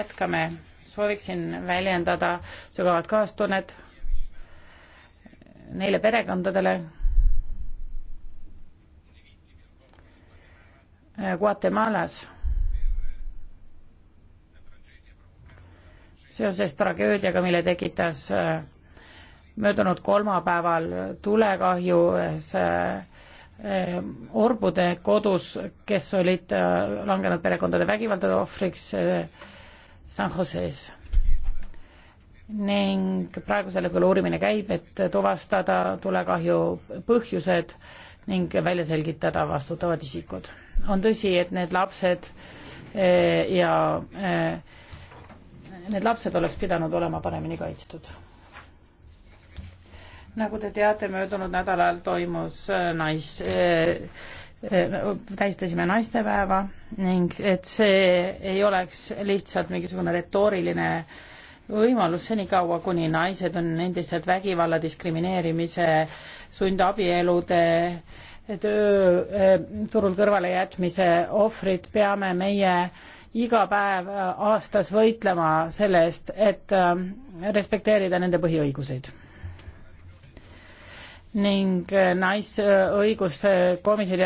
jätkame, sooviksin väljendada sügavat kaastunnet neile perekondadele, Guatemalas seoses tragöödiaga, mille tekitas äh, möödunud kolmapäeval tulekahju ühes äh, orbude kodus, kes olid äh, langenud perekondade vägivaldade ohvriks San Joses ning praegusel hetkel uurimine käib, et tuvastada tulekahju põhjused ning välja selgitada vastutavad isikud. on tõsi, et need lapsed eh, ja eh, need lapsed oleks pidanud olema paremini kaitstud. nagu te teate, möödunud nädalal toimus eh, nais Äh, tähistasime naistepäeva ning et see ei oleks lihtsalt mingisugune retooriline võimalus senikaua, kuni naised on endiselt vägivalla, diskrimineerimise, sundabielude, tööturul kõrvalejätmise ohvrid, peame meie iga päev äh, aastas võitlema selle eest, et äh, respekteerida nende põhiõiguseid ning naisõiguste komisjoni